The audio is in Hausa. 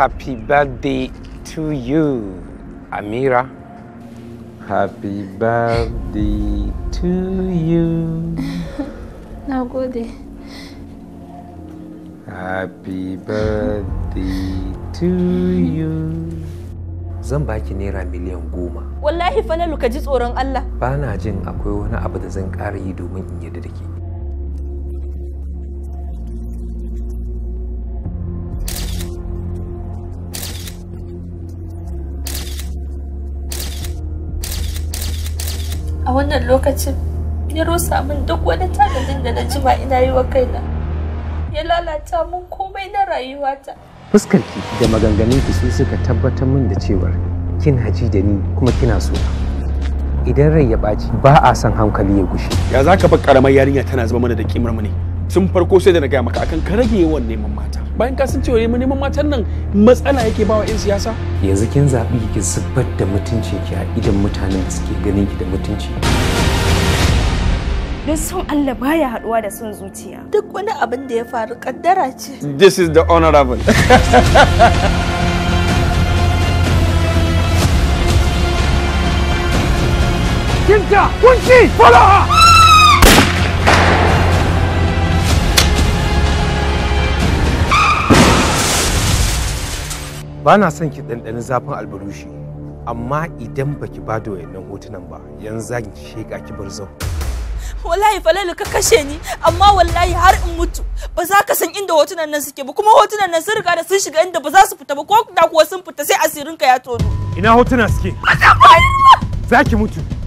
happy birthday to you, Amira. Happy birthday to you. Na gode. Happy birthday to you. Zan baki naira miliyan goma. Wallahi falalu ka ji tsoron Allah. Ba na jin akwai wani abu da zan ƙara yi domin in yarda da ke. a wannan lokacin ya rusa min duk wani tanadin da na jima ina yi wa kaina ya lalata mun komai na rayuwata ki da maganganunki sun suka tabbatar min da cewar kin haji da ni kuma kina so idan rai ya ɓaci ba a son hankali ya gushe ya zaka bar karamar yarinya tana zama mana da kimar mu ne Sun farko sai da na gaya maka akan ka rage yawan neman mata bayan ka san cewa neman matan nan matsala yake bawa 'yan siyasa yanzu kin zabi ki zubar da mutunci ki a idan mutanen da suke ganin ki da mutunci da son Allah baya haɗuwa da sun zuciya duk wani abin da ya faru kaddara ce this is the honorable Kinta! Kunci! Follow her! Bana son ki ɗanɗani zafin albarushi amma idan baki ba da wayannan hotunan ba yanzu za ki sheƙa ki bar zau wallahi falalu ka kashe ni amma wallahi har in mutu ba za ka san inda hotunan nan suke ba kuma hotunan nan sun riga da sun shiga inda ba za su fita ba ko da kuwa sun fita sai asirin ka ya tono ina hotunan suke ba za ki mutu